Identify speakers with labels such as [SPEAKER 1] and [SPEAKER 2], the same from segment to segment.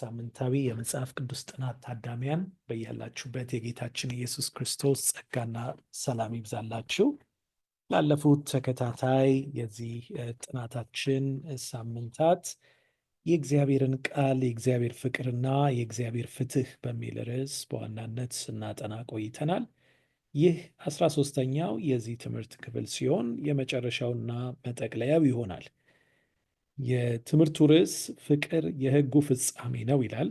[SPEAKER 1] ሳምንታዊ የመጽሐፍ ቅዱስ ጥናት ታዳሚያን በያላችሁበት የጌታችን ኢየሱስ ክርስቶስ ጸጋና ሰላም ይብዛላችሁ። ላለፉት ተከታታይ የዚህ ጥናታችን ሳምንታት የእግዚአብሔርን ቃል የእግዚአብሔር ፍቅርና የእግዚአብሔር ፍትህ በሚል ርዕስ በዋናነት ስናጠና ቆይተናል። ይህ አስራ ሶስተኛው የዚህ ትምህርት ክፍል ሲሆን የመጨረሻውና መጠቅለያው ይሆናል። የትምህርቱ ርዕስ ፍቅር የህጉ ፍጻሜ ነው ይላል።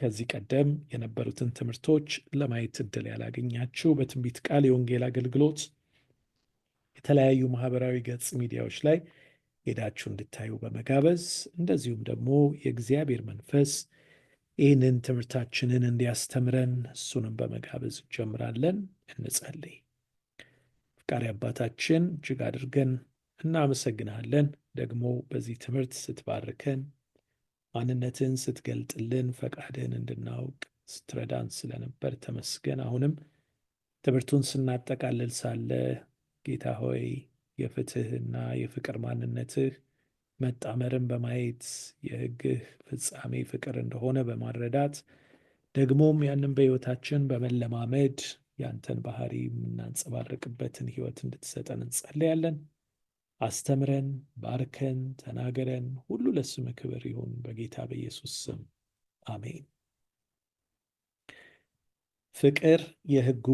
[SPEAKER 1] ከዚህ ቀደም የነበሩትን ትምህርቶች ለማየት እድል ያላገኛችሁ በትንቢት ቃል የወንጌል አገልግሎት የተለያዩ ማህበራዊ ገጽ ሚዲያዎች ላይ ሄዳችሁ እንድታዩ በመጋበዝ እንደዚሁም ደግሞ የእግዚአብሔር መንፈስ ይህንን ትምህርታችንን እንዲያስተምረን እሱንም በመጋበዝ እንጀምራለን። እንጸልይ። ፍቃሪ አባታችን እጅግ አድርገን እናመሰግናለን። ደግሞ በዚህ ትምህርት ስትባርከን ማንነትን ስትገልጥልን ፈቃድህን እንድናውቅ ስትረዳን ስለነበር ተመስገን። አሁንም ትምህርቱን ስናጠቃልል ሳለ ጌታ ሆይ የፍትህና የፍቅር ማንነትህ መጣመርን በማየት የሕግህ ፍጻሜ ፍቅር እንደሆነ በማረዳት ደግሞም ያንን በሕይወታችን በመለማመድ ያንተን ባህሪ የምናንጸባርቅበትን ሕይወት እንድትሰጠን እንጸለያለን። አስተምረን፣ ባርከን፣ ተናገረን። ሁሉ ለስም ክብር ይሁን በጌታ በኢየሱስ ስም አሜን። ፍቅር የሕጉ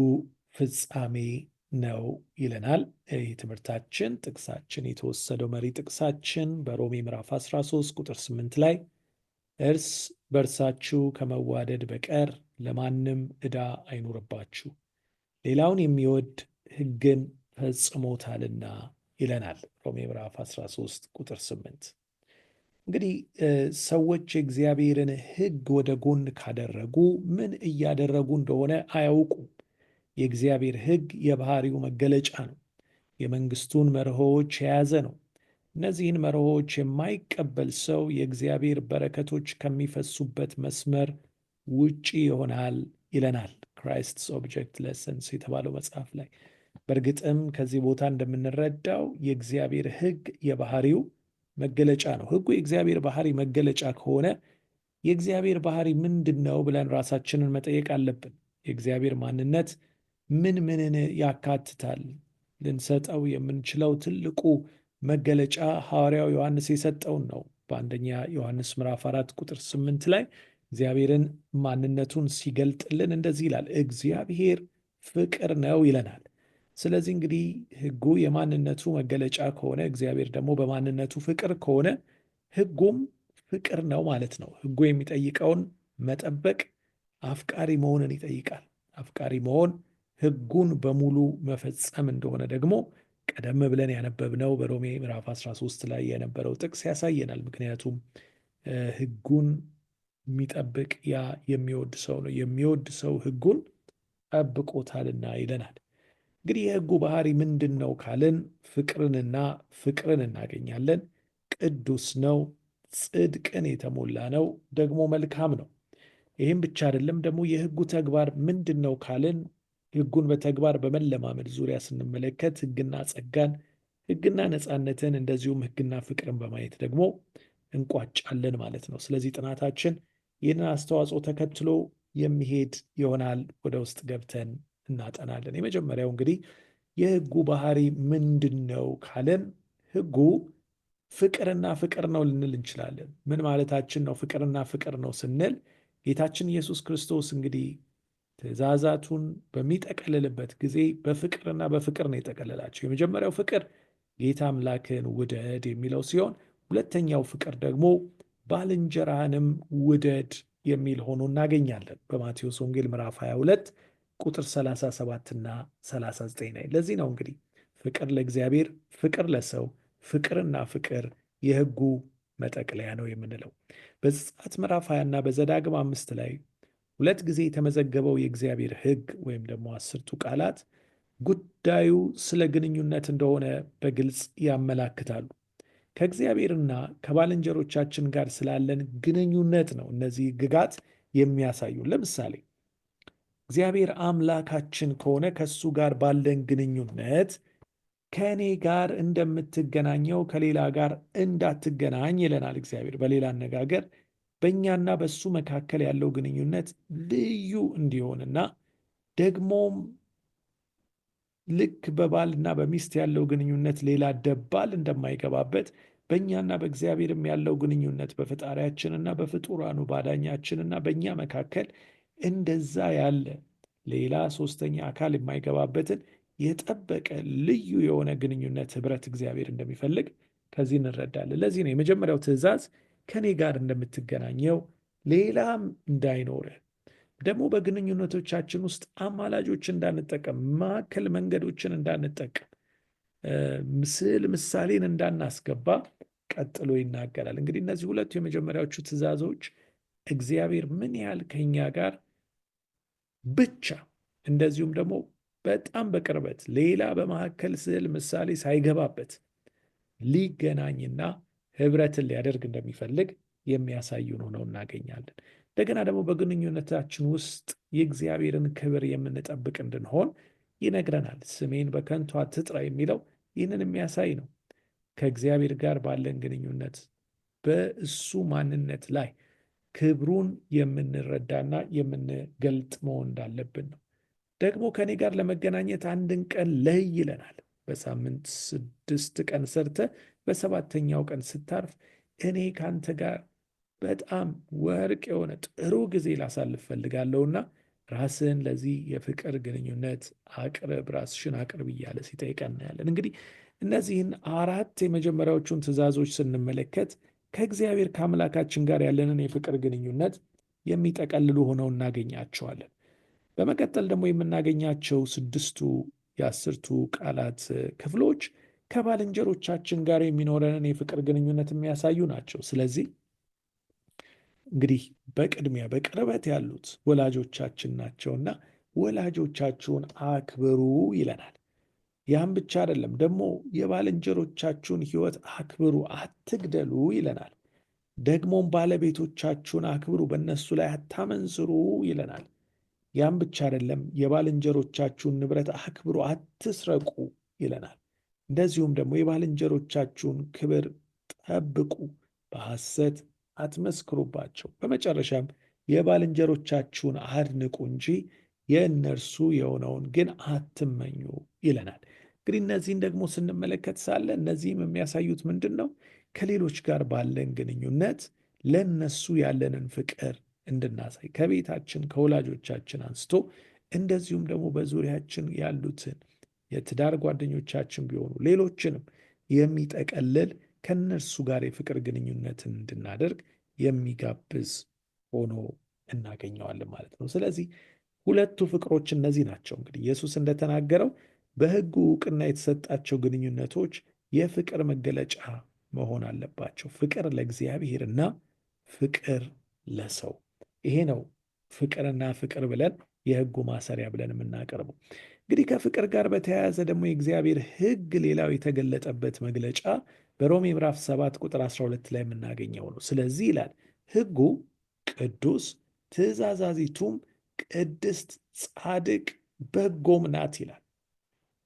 [SPEAKER 1] ፍጻሜ ነው ይለናል የትምህርታችን ጥቅሳችን። የተወሰደው መሪ ጥቅሳችን በሮሜ ምዕራፍ 13 ቁጥር 8 ላይ እርስ በእርሳችሁ ከመዋደድ በቀር ለማንም ዕዳ አይኑርባችሁ፣ ሌላውን የሚወድ ሕግን ፈጽሞታልና ይለናል ሮሜ ምዕራፍ 13 ቁጥር 8። እንግዲህ ሰዎች የእግዚአብሔርን ህግ ወደ ጎን ካደረጉ ምን እያደረጉ እንደሆነ አያውቁም። የእግዚአብሔር ህግ የባህሪው መገለጫ ነው። የመንግስቱን መርሆዎች የያዘ ነው። እነዚህን መርሆዎች የማይቀበል ሰው የእግዚአብሔር በረከቶች ከሚፈሱበት መስመር ውጪ ይሆናል ይለናል ክራይስትስ ለሰንስ የተባለው መጽሐፍ ላይ በእርግጥም ከዚህ ቦታ እንደምንረዳው የእግዚአብሔር ሕግ የባህሪው መገለጫ ነው። ሕጉ የእግዚአብሔር ባህሪ መገለጫ ከሆነ የእግዚአብሔር ባህሪ ምንድን ነው ብለን ራሳችንን መጠየቅ አለብን። የእግዚአብሔር ማንነት ምን ምንን ያካትታል? ልንሰጠው የምንችለው ትልቁ መገለጫ ሐዋርያው ዮሐንስ የሰጠውን ነው። በአንደኛ ዮሐንስ ምዕራፍ አራት ቁጥር ስምንት ላይ እግዚአብሔርን ማንነቱን ሲገልጥልን እንደዚህ ይላል፣ እግዚአብሔር ፍቅር ነው ይለናል። ስለዚህ እንግዲህ ህጉ የማንነቱ መገለጫ ከሆነ እግዚአብሔር ደግሞ በማንነቱ ፍቅር ከሆነ ህጉም ፍቅር ነው ማለት ነው። ህጉ የሚጠይቀውን መጠበቅ አፍቃሪ መሆንን ይጠይቃል። አፍቃሪ መሆን ህጉን በሙሉ መፈጸም እንደሆነ ደግሞ ቀደም ብለን ያነበብነው በሮሜ ምዕራፍ 13 ላይ የነበረው ጥቅስ ያሳየናል። ምክንያቱም ህጉን የሚጠብቅ ያ የሚወድ ሰው ነው። የሚወድ ሰው ህጉን ጠብቆታልና ይለናል። እንግዲህ የሕጉ ባህሪ ምንድን ነው ካልን ፍቅርንና ፍቅርን እናገኛለን። ቅዱስ ነው፣ ጽድቅን የተሞላ ነው፣ ደግሞ መልካም ነው። ይህም ብቻ አይደለም። ደግሞ የሕጉ ተግባር ምንድን ነው ካልን ሕጉን በተግባር በመለማመድ ዙሪያ ስንመለከት ሕግና ጸጋን፣ ሕግና ነፃነትን እንደዚሁም ሕግና ፍቅርን በማየት ደግሞ እንቋጫለን ማለት ነው። ስለዚህ ጥናታችን ይህንን አስተዋጽኦ ተከትሎ የሚሄድ ይሆናል። ወደ ውስጥ ገብተን እናጠናለን። የመጀመሪያው እንግዲህ የህጉ ባህሪ ምንድን ነው ካለን ህጉ ፍቅርና ፍቅር ነው ልንል እንችላለን። ምን ማለታችን ነው? ፍቅርና ፍቅር ነው ስንል ጌታችን ኢየሱስ ክርስቶስ እንግዲህ ትእዛዛቱን በሚጠቀልልበት ጊዜ በፍቅርና በፍቅር ነው የጠቀለላቸው። የመጀመሪያው ፍቅር ጌታ አምላክህን ውደድ የሚለው ሲሆን ሁለተኛው ፍቅር ደግሞ ባልንጀራህንም ውደድ የሚል ሆኖ እናገኛለን። በማቴዎስ ወንጌል ምዕራፍ 22 ቁጥር 37 እና 39 ላይ ለዚህ ነው እንግዲህ ፍቅር ለእግዚአብሔር ፍቅር ለሰው ፍቅርና ፍቅር የህጉ መጠቅለያ ነው የምንለው። በዘጸአት ምዕራፍ 20 እና በዘዳግም አምስት ላይ ሁለት ጊዜ የተመዘገበው የእግዚአብሔር ህግ ወይም ደግሞ አስርቱ ቃላት ጉዳዩ ስለ ግንኙነት እንደሆነ በግልጽ ያመላክታሉ። ከእግዚአብሔርና ከባልንጀሮቻችን ጋር ስላለን ግንኙነት ነው እነዚህ ሕግጋት የሚያሳዩ። ለምሳሌ እግዚአብሔር አምላካችን ከሆነ ከእሱ ጋር ባለን ግንኙነት ከእኔ ጋር እንደምትገናኘው ከሌላ ጋር እንዳትገናኝ ይለናል እግዚአብሔር። በሌላ አነጋገር በእኛና በእሱ መካከል ያለው ግንኙነት ልዩ እንዲሆንና ደግሞም ልክ በባልና በሚስት ያለው ግንኙነት ሌላ ደባል እንደማይገባበት በእኛና በእግዚአብሔርም ያለው ግንኙነት በፈጣሪያችንና በፍጡራኑ ባዳኛችንና በእኛ መካከል እንደዛ ያለ ሌላ ሶስተኛ አካል የማይገባበትን የጠበቀ ልዩ የሆነ ግንኙነት ህብረት እግዚአብሔር እንደሚፈልግ ከዚህ እንረዳለን። ለዚህ ነው የመጀመሪያው ትእዛዝ ከኔ ጋር እንደምትገናኘው ሌላም እንዳይኖርህ ደግሞ በግንኙነቶቻችን ውስጥ አማላጆች እንዳንጠቀም፣ ማዕከል መንገዶችን እንዳንጠቀም፣ ምስል ምሳሌን እንዳናስገባ ቀጥሎ ይናገራል። እንግዲህ እነዚህ ሁለቱ የመጀመሪያዎቹ ትእዛዞች እግዚአብሔር ምን ያህል ከኛ ጋር ብቻ እንደዚሁም ደግሞ በጣም በቅርበት ሌላ በመካከል ስዕል ምሳሌ ሳይገባበት ሊገናኝና ህብረትን ሊያደርግ እንደሚፈልግ የሚያሳዩን ሆነው እናገኛለን። እንደገና ደግሞ በግንኙነታችን ውስጥ የእግዚአብሔርን ክብር የምንጠብቅ እንድንሆን ይነግረናል። ስሜን በከንቱ አትጥራ የሚለው ይህንን የሚያሳይ ነው። ከእግዚአብሔር ጋር ባለን ግንኙነት በእሱ ማንነት ላይ ክብሩን የምንረዳና የምንገልጥ መሆን እንዳለብን ነው። ደግሞ ከኔ ጋር ለመገናኘት አንድን ቀን ለይ ይለናል። በሳምንት ስድስት ቀን ሰርተ በሰባተኛው ቀን ስታርፍ እኔ ከአንተ ጋር በጣም ወርቅ የሆነ ጥሩ ጊዜ ላሳልፍ ፈልጋለሁና ራስን ለዚህ የፍቅር ግንኙነት አቅርብ፣ ራስሽን አቅርብ እያለ ሲጠይቀን እናያለን። እንግዲህ እነዚህን አራት የመጀመሪያዎቹን ትዕዛዞች ስንመለከት ከእግዚአብሔር ከአምላካችን ጋር ያለንን የፍቅር ግንኙነት የሚጠቀልሉ ሆነው እናገኛቸዋለን። በመቀጠል ደግሞ የምናገኛቸው ስድስቱ የአስርቱ ቃላት ክፍሎች ከባልንጀሮቻችን ጋር የሚኖረንን የፍቅር ግንኙነት የሚያሳዩ ናቸው። ስለዚህ እንግዲህ በቅድሚያ በቅርበት ያሉት ወላጆቻችን ናቸውና ወላጆቻችሁን አክብሩ ይለናል። ያም ብቻ አይደለም ደግሞ የባልንጀሮቻችሁን ሕይወት አክብሩ፣ አትግደሉ ይለናል። ደግሞም ባለቤቶቻችሁን አክብሩ፣ በእነሱ ላይ አታመንዝሩ ይለናል። ያም ብቻ አይደለም የባልንጀሮቻችሁን ንብረት አክብሩ፣ አትስረቁ ይለናል። እንደዚሁም ደግሞ የባልንጀሮቻችሁን ክብር ጠብቁ፣ በሐሰት አትመስክሩባቸው። በመጨረሻም የባልንጀሮቻችሁን አድንቁ እንጂ የእነርሱ የሆነውን ግን አትመኙ ይለናል። እንግዲህ እነዚህን ደግሞ ስንመለከት ሳለ እነዚህም የሚያሳዩት ምንድን ነው? ከሌሎች ጋር ባለን ግንኙነት ለነሱ ያለንን ፍቅር እንድናሳይ ከቤታችን ከወላጆቻችን አንስቶ እንደዚሁም ደግሞ በዙሪያችን ያሉትን የትዳር ጓደኞቻችን ቢሆኑ ሌሎችንም የሚጠቀልል ከነርሱ ጋር የፍቅር ግንኙነትን እንድናደርግ የሚጋብዝ ሆኖ እናገኘዋለን ማለት ነው። ስለዚህ ሁለቱ ፍቅሮች እነዚህ ናቸው። እንግዲህ ኢየሱስ እንደተናገረው በሕጉ እውቅና የተሰጣቸው ግንኙነቶች የፍቅር መገለጫ መሆን አለባቸው። ፍቅር ለእግዚአብሔርና ፍቅር ለሰው። ይሄ ነው ፍቅርና ፍቅር ብለን የሕጉ ማሰሪያ ብለን የምናቀርበው። እንግዲህ ከፍቅር ጋር በተያያዘ ደግሞ የእግዚአብሔር ሕግ ሌላው የተገለጠበት መግለጫ በሮሜ ምዕራፍ 7 ቁጥር 12 ላይ የምናገኘው ነው። ስለዚህ ይላል ሕጉ ቅዱስ ትእዛዛዚቱም ቅድስት፣ ጻድቅ፣ በጎም ናት ይላል።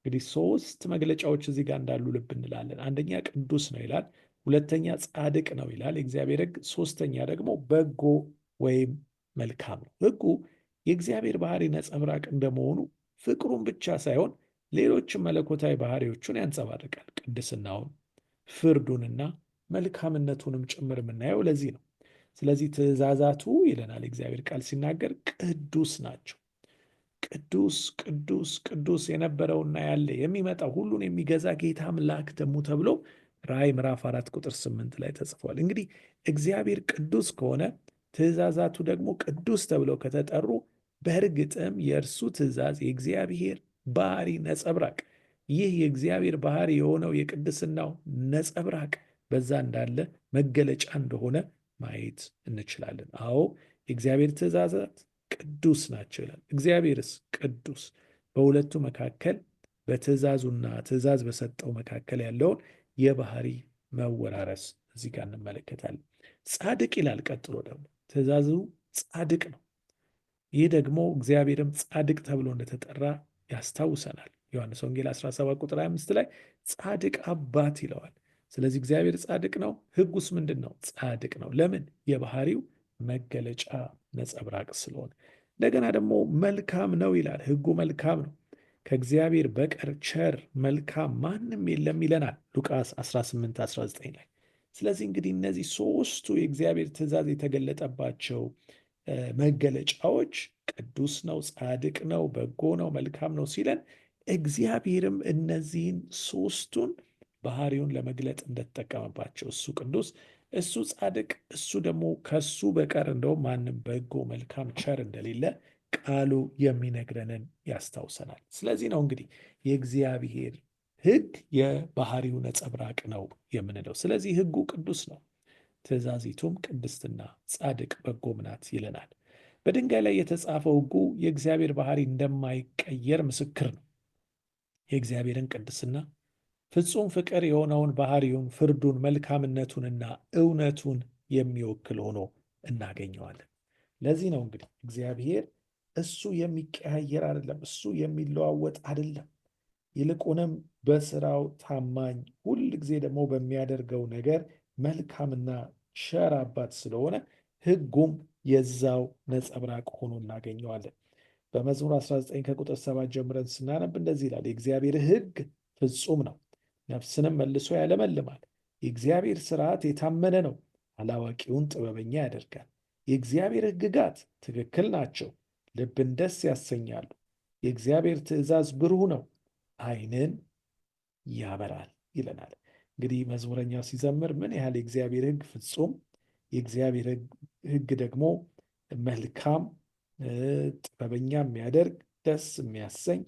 [SPEAKER 1] እንግዲህ ሶስት መግለጫዎች እዚህ ጋር እንዳሉ ልብ እንላለን። አንደኛ ቅዱስ ነው ይላል፣ ሁለተኛ ጻድቅ ነው ይላል የእግዚአብሔር ሕግ፣ ሶስተኛ ደግሞ በጎ ወይም መልካም ነው። ሕጉ የእግዚአብሔር ባህሪ ነጸብራቅ እንደመሆኑ ፍቅሩን ብቻ ሳይሆን ሌሎችም መለኮታዊ ባህሪዎቹን ያንጸባርቃል። ቅድስናውን፣ ፍርዱንና መልካምነቱንም ጭምር የምናየው ለዚህ ነው። ስለዚህ ትእዛዛቱ ይለናል እግዚአብሔር ቃል ሲናገር ቅዱስ ናቸው። ቅዱስ ቅዱስ ቅዱስ የነበረውና ያለ የሚመጣው ሁሉን የሚገዛ ጌታ አምላክ ደግሞ ተብሎ ራእይ ምዕራፍ አራት ቁጥር ስምንት ላይ ተጽፏል። እንግዲህ እግዚአብሔር ቅዱስ ከሆነ ትእዛዛቱ ደግሞ ቅዱስ ተብለው ከተጠሩ በእርግጥም የእርሱ ትእዛዝ የእግዚአብሔር ባህሪ ነጸብራቅ፣ ይህ የእግዚአብሔር ባህሪ የሆነው የቅድስናው ነጸብራቅ በዛ እንዳለ መገለጫ እንደሆነ ማየት እንችላለን። አዎ የእግዚአብሔር ትእዛዛት ቅዱስ ናቸው ይላል። እግዚአብሔርስ ቅዱስ በሁለቱ መካከል በትእዛዙና ትእዛዝ በሰጠው መካከል ያለውን የባህሪ መወራረስ እዚህ ጋር እንመለከታለን። ጻድቅ ይላል። ቀጥሎ ደግሞ ትእዛዙ ጻድቅ ነው። ይህ ደግሞ እግዚአብሔርም ጻድቅ ተብሎ እንደተጠራ ያስታውሰናል። ዮሐንስ ወንጌል 17 ቁጥር 25 ላይ ጻድቅ አባት ይለዋል። ስለዚህ እግዚአብሔር ጻድቅ ነው። ሕጉስ ምንድን ነው? ጻድቅ ነው። ለምን? የባህሪው መገለጫ ነጸብራቅ ስለሆነ እንደገና ደግሞ መልካም ነው ይላል። ሕጉ መልካም ነው፣ ከእግዚአብሔር በቀር ቸር መልካም ማንም የለም ይለናል ሉቃስ 18 19 ላይ። ስለዚህ እንግዲህ እነዚህ ሶስቱ የእግዚአብሔር ትእዛዝ የተገለጠባቸው መገለጫዎች ቅዱስ ነው፣ ጻድቅ ነው፣ በጎ ነው፣ መልካም ነው ሲለን እግዚአብሔርም እነዚህን ሶስቱን ባህሪውን ለመግለጥ እንደተጠቀመባቸው እሱ ቅዱስ እሱ ጻድቅ፣ እሱ ደግሞ ከሱ በቀር እንደውም ማንም በጎ መልካም ቸር እንደሌለ ቃሉ የሚነግረንን ያስታውሰናል። ስለዚህ ነው እንግዲህ የእግዚአብሔር ሕግ የባህሪው ነጸብራቅ ነው የምንለው። ስለዚህ ሕጉ ቅዱስ ነው፣ ትእዛዚቱም ቅድስትና፣ ጻድቅ፣ በጎም ናት ይለናል። በድንጋይ ላይ የተጻፈው ሕጉ የእግዚአብሔር ባህሪ እንደማይቀየር ምስክር ነው። የእግዚአብሔርን ቅድስና ፍጹም ፍቅር የሆነውን ባህሪውን፣ ፍርዱን፣ መልካምነቱንና እውነቱን የሚወክል ሆኖ እናገኘዋለን። ለዚህ ነው እንግዲህ እግዚአብሔር እሱ የሚቀያየር አይደለም፣ እሱ የሚለዋወጥ አይደለም። ይልቁንም በስራው ታማኝ፣ ሁል ጊዜ ደግሞ በሚያደርገው ነገር መልካምና ቸር አባት ስለሆነ ሕጉም የዛው ነጸብራቅ ሆኖ እናገኘዋለን። በመዝሙር 19 ከቁጥር 7 ጀምረን ስናነብ እንደዚህ ይላል፣ የእግዚአብሔር ሕግ ፍጹም ነው ነፍስንም መልሶ ያለመልማል። የእግዚአብሔር ስርዓት የታመነ ነው፣ አላዋቂውን ጥበበኛ ያደርጋል። የእግዚአብሔር ሕግጋት ትክክል ናቸው፣ ልብን ደስ ያሰኛሉ። የእግዚአብሔር ትእዛዝ ብሩህ ነው፣ ዓይንን ያበራል ይለናል። እንግዲህ መዝሙረኛው ሲዘምር ምን ያህል የእግዚአብሔር ሕግ ፍጹም፣ የእግዚአብሔር ሕግ ደግሞ መልካም፣ ጥበበኛ የሚያደርግ ደስ የሚያሰኝ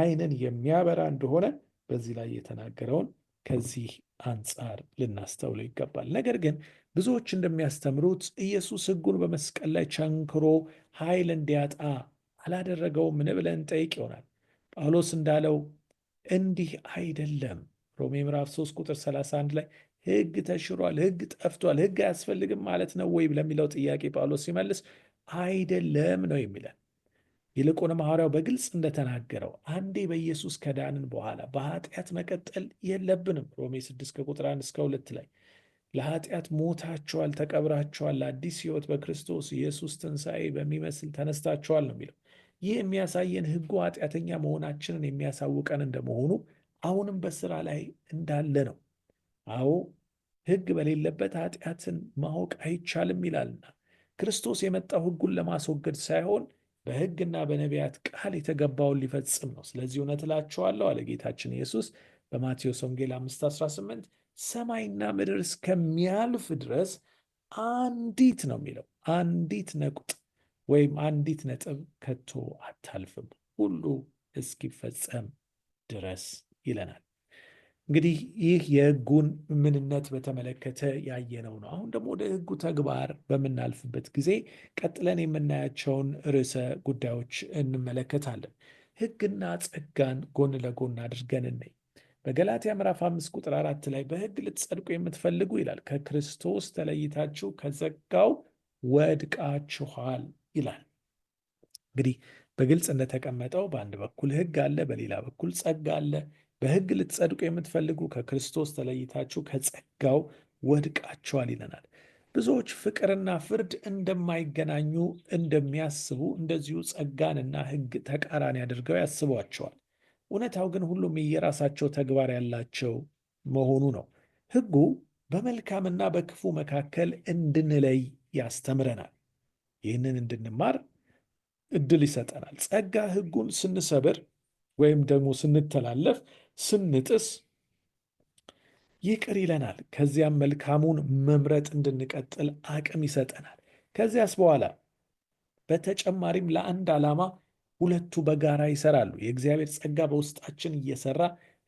[SPEAKER 1] ዓይንን የሚያበራ እንደሆነ በዚህ ላይ የተናገረውን ከዚህ አንጻር ልናስተውለው ይገባል። ነገር ግን ብዙዎች እንደሚያስተምሩት ኢየሱስ ሕጉን በመስቀል ላይ ቸንክሮ ኃይል እንዲያጣ ምን ብለን ጠይቅ ይሆናል። ጳውሎስ እንዳለው እንዲህ አይደለም። ሮሜ ምዕራፍ 3 ቁጥር 31 ላይ ሕግ ተሽሯል፣ ሕግ ጠፍቷል፣ ሕግ አያስፈልግም ማለት ነው ወይ ለሚለው ጥያቄ ጳውሎስ ሲመልስ አይደለም ነው የሚለን። ይልቁንም ሐዋርያው በግልጽ እንደተናገረው አንዴ በኢየሱስ ከዳንን በኋላ በኃጢአት መቀጠል የለብንም። ሮሜ 6 ከቁጥር 1 እስከ 2 ላይ ለኃጢአት ሞታችኋል፣ ተቀብራችኋል፣ ለአዲስ ሕይወት በክርስቶስ ኢየሱስ ትንሣኤ በሚመስል ተነስታችኋል ነው የሚለው። ይህ የሚያሳየን ሕጉ ኃጢአተኛ መሆናችንን የሚያሳውቀን እንደመሆኑ አሁንም በስራ ላይ እንዳለ ነው። አዎ ሕግ በሌለበት ኃጢአትን ማወቅ አይቻልም ይላልና ክርስቶስ የመጣው ሕጉን ለማስወገድ ሳይሆን በሕግና በነቢያት ቃል የተገባውን ሊፈጽም ነው። ስለዚህ እውነት እላችኋለሁ አለ ጌታችን ኢየሱስ በማቴዎስ ወንጌል 5፥18 ሰማይና ምድር እስከሚያልፍ ድረስ አንዲት ነው የሚለው አንዲት ነቁጥ ወይም አንዲት ነጥብ ከቶ አታልፍም ሁሉ እስኪፈጸም ድረስ ይለናል። እንግዲህ ይህ የህጉን ምንነት በተመለከተ ያየነው ነው። አሁን ደግሞ ወደ ህጉ ተግባር በምናልፍበት ጊዜ ቀጥለን የምናያቸውን ርዕሰ ጉዳዮች እንመለከታለን። ህግና ጸጋን ጎን ለጎን አድርገን እንይ። በገላትያ ምዕራፍ አምስት ቁጥር አራት ላይ በህግ ልትጸድቁ የምትፈልጉ ይላል ከክርስቶስ ተለይታችሁ ከጸጋው ወድቃችኋል ይላል። እንግዲህ በግልጽ እንደተቀመጠው በአንድ በኩል ህግ አለ፣ በሌላ በኩል ጸጋ አለ። በሕግ ልትጸድቁ የምትፈልጉ ከክርስቶስ ተለይታችሁ ከጸጋው ወድቃችኋል ይለናል። ብዙዎች ፍቅርና ፍርድ እንደማይገናኙ እንደሚያስቡ እንደዚሁ ጸጋንና ሕግ ተቃራኒ አድርገው ያስቧቸዋል። እውነታው ግን ሁሉም የየራሳቸው ተግባር ያላቸው መሆኑ ነው። ሕጉ በመልካምና በክፉ መካከል እንድንለይ ያስተምረናል። ይህንን እንድንማር እድል ይሰጠናል። ጸጋ ሕጉን ስንሰብር ወይም ደግሞ ስንተላለፍ ስንጥስ ይቅር ይለናል። ከዚያም መልካሙን መምረጥ እንድንቀጥል አቅም ይሰጠናል። ከዚያስ በኋላ በተጨማሪም ለአንድ ዓላማ ሁለቱ በጋራ ይሰራሉ። የእግዚአብሔር ጸጋ በውስጣችን እየሰራ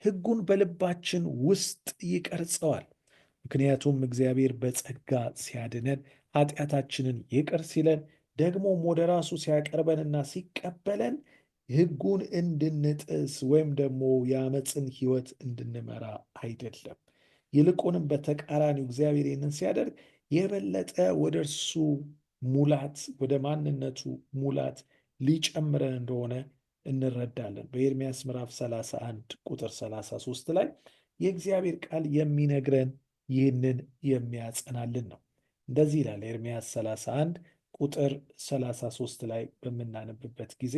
[SPEAKER 1] ሕጉን በልባችን ውስጥ ይቀርጸዋል። ምክንያቱም እግዚአብሔር በጸጋ ሲያድነን፣ ኃጢአታችንን ይቅር ሲለን፣ ደግሞም ወደ ራሱ ሲያቀርበንና ሲቀበለን ህጉን እንድንጥስ ወይም ደግሞ የአመፅን ህይወት እንድንመራ አይደለም። ይልቁንም በተቃራኒው እግዚአብሔር ይህንን ሲያደርግ የበለጠ ወደ እርሱ ሙላት ወደ ማንነቱ ሙላት ሊጨምረን እንደሆነ እንረዳለን። በኤርሚያስ ምዕራፍ 31 ቁጥር 33 ላይ የእግዚአብሔር ቃል የሚነግረን ይህንን የሚያጸናልን ነው። እንደዚህ ይላል ኤርሚያስ 31 ቁጥር 33 ላይ በምናነብበት ጊዜ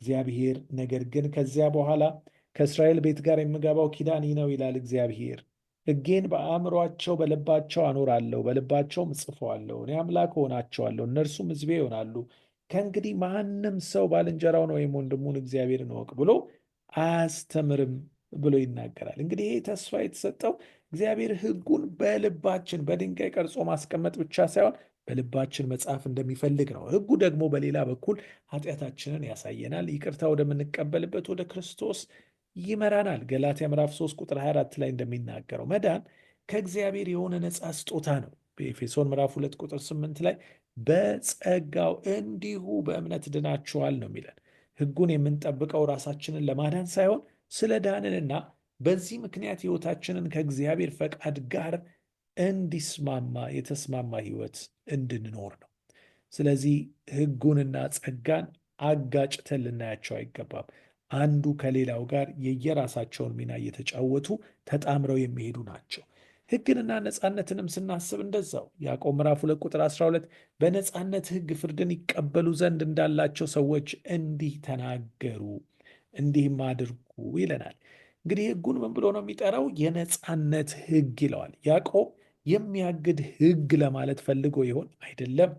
[SPEAKER 1] እግዚአብሔር ነገር ግን ከዚያ በኋላ ከእስራኤል ቤት ጋር የምገባው ኪዳኔ ነው ይላል እግዚአብሔር ሕጌን በአእምሯቸው በልባቸው አኖራለሁ፣ በልባቸውም እጽፈዋለሁ። እኔ አምላክ ሆናቸዋለሁ እነርሱም ሕዝቤ ይሆናሉ። ከእንግዲህ ማንም ሰው ባልንጀራውን ወይም ወንድሙን እግዚአብሔርን እወቅ ብሎ አያስተምርም ብሎ ይናገራል። እንግዲህ ይህ ተስፋ የተሰጠው እግዚአብሔር ህጉን በልባችን በድንጋይ ቀርጾ ማስቀመጥ ብቻ ሳይሆን በልባችን መጽሐፍ እንደሚፈልግ ነው። ሕጉ ደግሞ በሌላ በኩል ኃጢአታችንን ያሳየናል፣ ይቅርታ ወደምንቀበልበት ወደ ክርስቶስ ይመራናል። ገላትያ ምዕራፍ 3 ቁጥር 24 ላይ እንደሚናገረው መዳን ከእግዚአብሔር የሆነ ነፃ ስጦታ ነው። በኤፌሶን ምዕራፍ 2 ቁጥር 8 ላይ በጸጋው እንዲሁ በእምነት ድናችኋል ነው የሚለን። ሕጉን የምንጠብቀው ራሳችንን ለማዳን ሳይሆን ስለ ዳንንና በዚህ ምክንያት ሕይወታችንን ከእግዚአብሔር ፈቃድ ጋር እንዲስማማ የተስማማ ሕይወት እንድንኖር ነው። ስለዚህ ሕጉንና ጸጋን አጋጭተን ልናያቸው አይገባም። አንዱ ከሌላው ጋር የየራሳቸውን ሚና እየተጫወቱ ተጣምረው የሚሄዱ ናቸው። ሕግንና ነፃነትንም ስናስብ እንደዛው ያዕቆብ ምዕራፍ 2 ቁጥር 12 በነፃነት ሕግ ፍርድን ይቀበሉ ዘንድ እንዳላቸው ሰዎች እንዲህ ተናገሩ፣ እንዲህም አድርጉ ይለናል። እንግዲህ ሕጉን ምን ብሎ ነው የሚጠራው? የነፃነት ሕግ ይለዋል ያዕቆብ የሚያግድ ህግ ለማለት ፈልጎ ይሆን? አይደለም።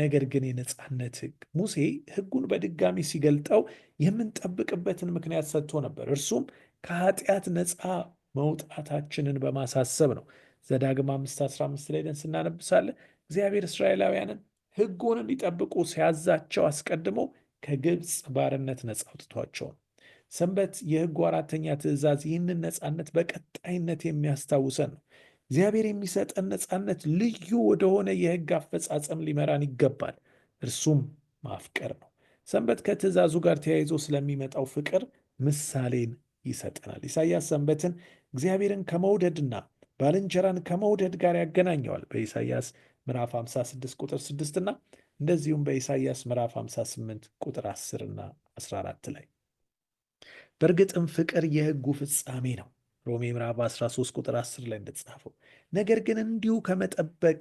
[SPEAKER 1] ነገር ግን የነፃነት ህግ ሙሴ ህጉን በድጋሚ ሲገልጠው የምንጠብቅበትን ምክንያት ሰጥቶ ነበር። እርሱም ከኃጢአት ነፃ መውጣታችንን በማሳሰብ ነው። ዘዳግም 5:15 ላይ ደን ስናነብሳለን እግዚአብሔር እስራኤላውያንን ህጉን እንዲጠብቁ ሲያዛቸው አስቀድሞ ከግብፅ ባርነት ነፃ አውጥቷቸው ነው። ሰንበት የህጉ አራተኛ ትእዛዝ ይህንን ነፃነት በቀጣይነት የሚያስታውሰን ነው። እግዚአብሔር የሚሰጠን ነፃነት ልዩ ወደሆነ የህግ አፈጻጸም ሊመራን ይገባል። እርሱም ማፍቀር ነው። ሰንበት ከትእዛዙ ጋር ተያይዞ ስለሚመጣው ፍቅር ምሳሌን ይሰጠናል። ኢሳይያስ ሰንበትን እግዚአብሔርን ከመውደድና ባልንጀራን ከመውደድ ጋር ያገናኘዋል በኢሳይያስ ምዕራፍ 56 ቁጥር 6 እና እንደዚሁም በኢሳይያስ ምዕራፍ 58 ቁጥር 10 እና 14 ላይ በእርግጥም ፍቅር የህጉ ፍጻሜ ነው ሮሜ ምዕራፍ 13 ቁጥር 10 ላይ እንደተጻፈው። ነገር ግን እንዲሁ ከመጠበቅ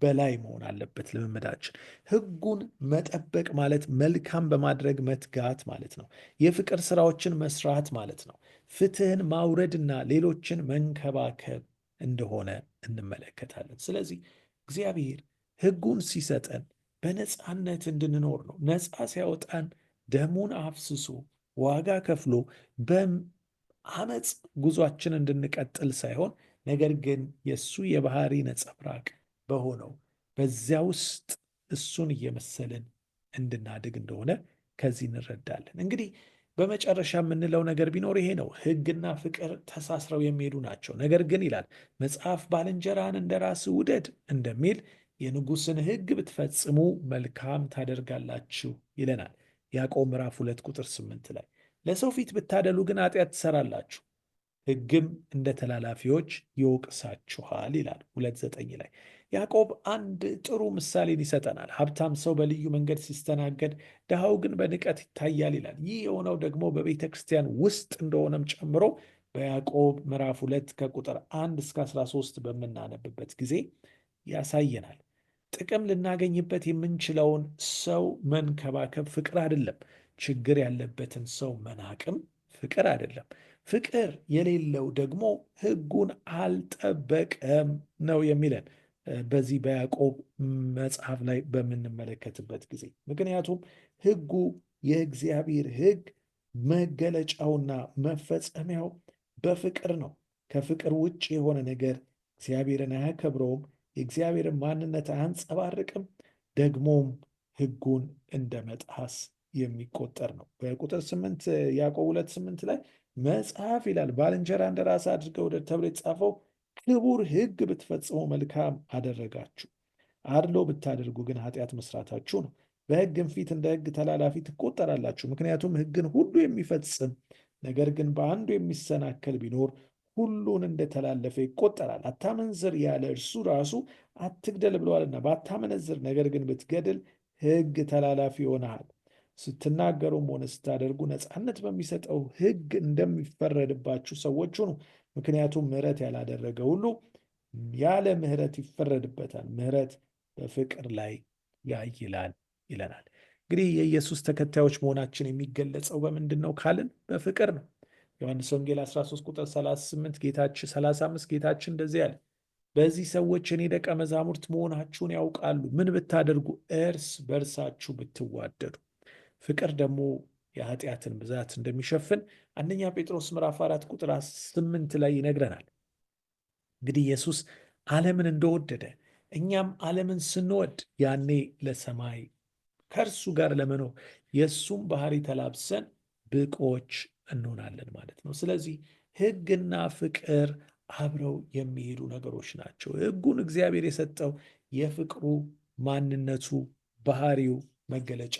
[SPEAKER 1] በላይ መሆን አለበት ልምምዳችን። ህጉን መጠበቅ ማለት መልካም በማድረግ መትጋት ማለት ነው። የፍቅር ስራዎችን መስራት ማለት ነው። ፍትህን ማውረድና ሌሎችን መንከባከብ እንደሆነ እንመለከታለን። ስለዚህ እግዚአብሔር ህጉን ሲሰጠን በነፃነት እንድንኖር ነው። ነፃ ሲያወጣን ደሙን አፍስሶ ዋጋ ከፍሎ አመፅ ጉዟችን እንድንቀጥል ሳይሆን ነገር ግን የእሱ የባህሪ ነጸብራቅ በሆነው በዚያ ውስጥ እሱን እየመሰልን እንድናድግ እንደሆነ ከዚህ እንረዳለን። እንግዲህ በመጨረሻ የምንለው ነገር ቢኖር ይሄ ነው። ሕግና ፍቅር ተሳስረው የሚሄዱ ናቸው። ነገር ግን ይላል መጽሐፍ ባልንጀራን እንደ ራስ ውደድ እንደሚል የንጉሥን ሕግ ብትፈጽሙ መልካም ታደርጋላችሁ ይለናል። ያዕቆብ ምዕራፍ ሁለት ቁጥር ስምንት ላይ ለሰው ፊት ብታደሉ ግን ኃጢአት ትሰራላችሁ፣ ሕግም እንደ ተላላፊዎች ይወቅሳችኋል ይላል ሁለት ዘጠኝ ላይ ያዕቆብ አንድ ጥሩ ምሳሌን ይሰጠናል። ሀብታም ሰው በልዩ መንገድ ሲስተናገድ፣ ድሃው ግን በንቀት ይታያል ይላል። ይህ የሆነው ደግሞ በቤተ ክርስቲያን ውስጥ እንደሆነም ጨምሮ በያዕቆብ ምዕራፍ ሁለት ከቁጥር አንድ እስከ 13 በምናነብበት ጊዜ ያሳየናል። ጥቅም ልናገኝበት የምንችለውን ሰው መንከባከብ ፍቅር አይደለም። ችግር ያለበትን ሰው መናቅም ፍቅር አይደለም። ፍቅር የሌለው ደግሞ ሕጉን አልጠበቀም ነው የሚለን በዚህ በያዕቆብ መጽሐፍ ላይ በምንመለከትበት ጊዜ። ምክንያቱም ሕጉ የእግዚአብሔር ሕግ መገለጫውና መፈጸሚያው በፍቅር ነው። ከፍቅር ውጭ የሆነ ነገር እግዚአብሔርን አያከብረውም፣ የእግዚአብሔርን ማንነት አያንጸባርቅም፣ ደግሞም ሕጉን እንደ መጣስ የሚቆጠር ነው። በቁጥር ስምንት ያዕቆብ ሁለት ስምንት ላይ መጽሐፍ ይላል ባልንጀራ እንደ ራስ አድርገህ ውደድ ተብሎ የተጻፈው ክቡር ሕግ ብትፈጽሙ መልካም አደረጋችሁ፣ አድሎ ብታደርጉ ግን ኃጢአት መስራታችሁ ነው። በሕግም ፊት እንደ ሕግ ተላላፊ ትቆጠራላችሁ። ምክንያቱም ሕግን ሁሉ የሚፈጽም ነገር ግን በአንዱ የሚሰናከል ቢኖር ሁሉን እንደተላለፈ ይቆጠራል። አታመንዝር ያለ እርሱ ራሱ አትግደል ብለዋልና፣ ባታመነዝር ነገር ግን ብትገድል ሕግ ተላላፊ ይሆናል። ስትናገሩም ሆነ ስታደርጉ ነፃነት በሚሰጠው ሕግ እንደሚፈረድባችሁ ሰዎች ሁኑ። ምክንያቱም ምሕረት ያላደረገ ሁሉ ያለ ምሕረት ይፈረድበታል። ምሕረት በፍቅር ላይ ያይላል ይለናል። እንግዲህ የኢየሱስ ተከታዮች መሆናችን የሚገለጸው በምንድን ነው ካልን በፍቅር ነው። ዮሐንስ ወንጌል 13 ቁጥር 38 ጌታችን 35 ጌታችን እንደዚህ ያለ በዚህ ሰዎች እኔ ደቀ መዛሙርት መሆናችሁን ያውቃሉ፣ ምን ብታደርጉ? እርስ በርሳችሁ ብትዋደዱ ፍቅር ደግሞ የኃጢአትን ብዛት እንደሚሸፍን አንደኛ ጴጥሮስ ምዕራፍ አራት ቁጥር ስምንት ላይ ይነግረናል። እንግዲህ ኢየሱስ ዓለምን እንደወደደ እኛም ዓለምን ስንወድ ያኔ ለሰማይ ከእርሱ ጋር ለመኖር የእሱም ባህሪ ተላብሰን ብቆች እንሆናለን ማለት ነው። ስለዚህ ሕግና ፍቅር አብረው የሚሄዱ ነገሮች ናቸው። ሕጉን እግዚአብሔር የሰጠው የፍቅሩ ማንነቱ፣ ባህሪው መገለጫ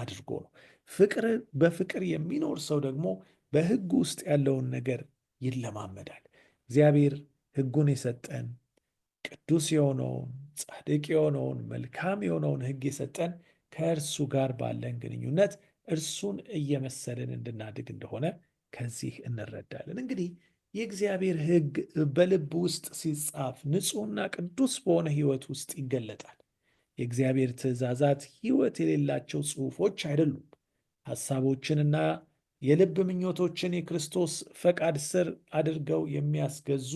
[SPEAKER 1] አድርጎ ነው። ፍቅር በፍቅር የሚኖር ሰው ደግሞ በሕግ ውስጥ ያለውን ነገር ይለማመዳል። እግዚአብሔር ሕጉን የሰጠን ቅዱስ የሆነውን ጻድቅ የሆነውን መልካም የሆነውን ሕግ የሰጠን ከእርሱ ጋር ባለን ግንኙነት እርሱን እየመሰልን እንድናድግ እንደሆነ ከዚህ እንረዳለን። እንግዲህ የእግዚአብሔር ሕግ በልብ ውስጥ ሲጻፍ ንጹሕና ቅዱስ በሆነ ሕይወት ውስጥ ይገለጣል። የእግዚአብሔር ትእዛዛት ሕይወት የሌላቸው ጽሑፎች አይደሉም። ሐሳቦችንና የልብ ምኞቶችን የክርስቶስ ፈቃድ ስር አድርገው የሚያስገዙ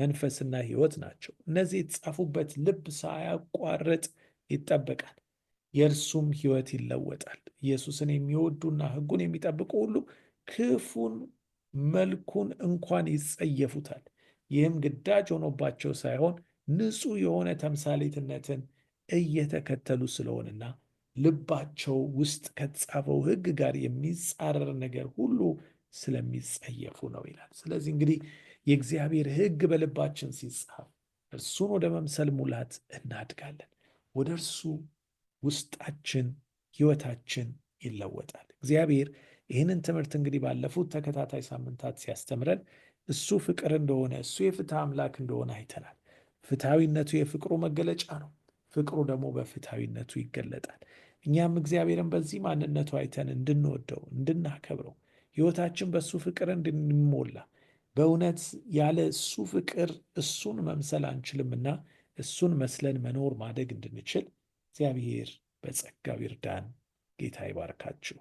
[SPEAKER 1] መንፈስና ሕይወት ናቸው። እነዚህ የተጻፉበት ልብ ሳያቋርጥ ይጠበቃል፣ የእርሱም ሕይወት ይለወጣል። ኢየሱስን የሚወዱና ሕጉን የሚጠብቁ ሁሉ ክፉን መልኩን እንኳን ይጸየፉታል። ይህም ግዳጅ ሆኖባቸው ሳይሆን ንጹሕ የሆነ ተምሳሌትነትን እየተከተሉ ስለሆነና ልባቸው ውስጥ ከተጻፈው ሕግ ጋር የሚጻረር ነገር ሁሉ ስለሚጸየፉ ነው ይላል። ስለዚህ እንግዲህ የእግዚአብሔር ሕግ በልባችን ሲጻፍ እርሱን ወደ መምሰል ሙላት እናድጋለን። ወደ እርሱ ውስጣችን፣ ህይወታችን ይለወጣል። እግዚአብሔር ይህንን ትምህርት እንግዲህ ባለፉት ተከታታይ ሳምንታት ሲያስተምረን እሱ ፍቅር እንደሆነ እሱ የፍትህ አምላክ እንደሆነ አይተናል። ፍትሐዊነቱ የፍቅሩ መገለጫ ነው። ፍቅሩ ደግሞ በፍትሐዊነቱ ይገለጣል። እኛም እግዚአብሔርን በዚህ ማንነቱ አይተን እንድንወደው፣ እንድናከብረው ሕይወታችን በእሱ ፍቅር እንድንሞላ በእውነት ያለ እሱ ፍቅር እሱን መምሰል አንችልምና እሱን መስለን መኖር ማደግ እንድንችል እግዚአብሔር በጸጋው ይርዳን። ጌታ ይባርካችሁ።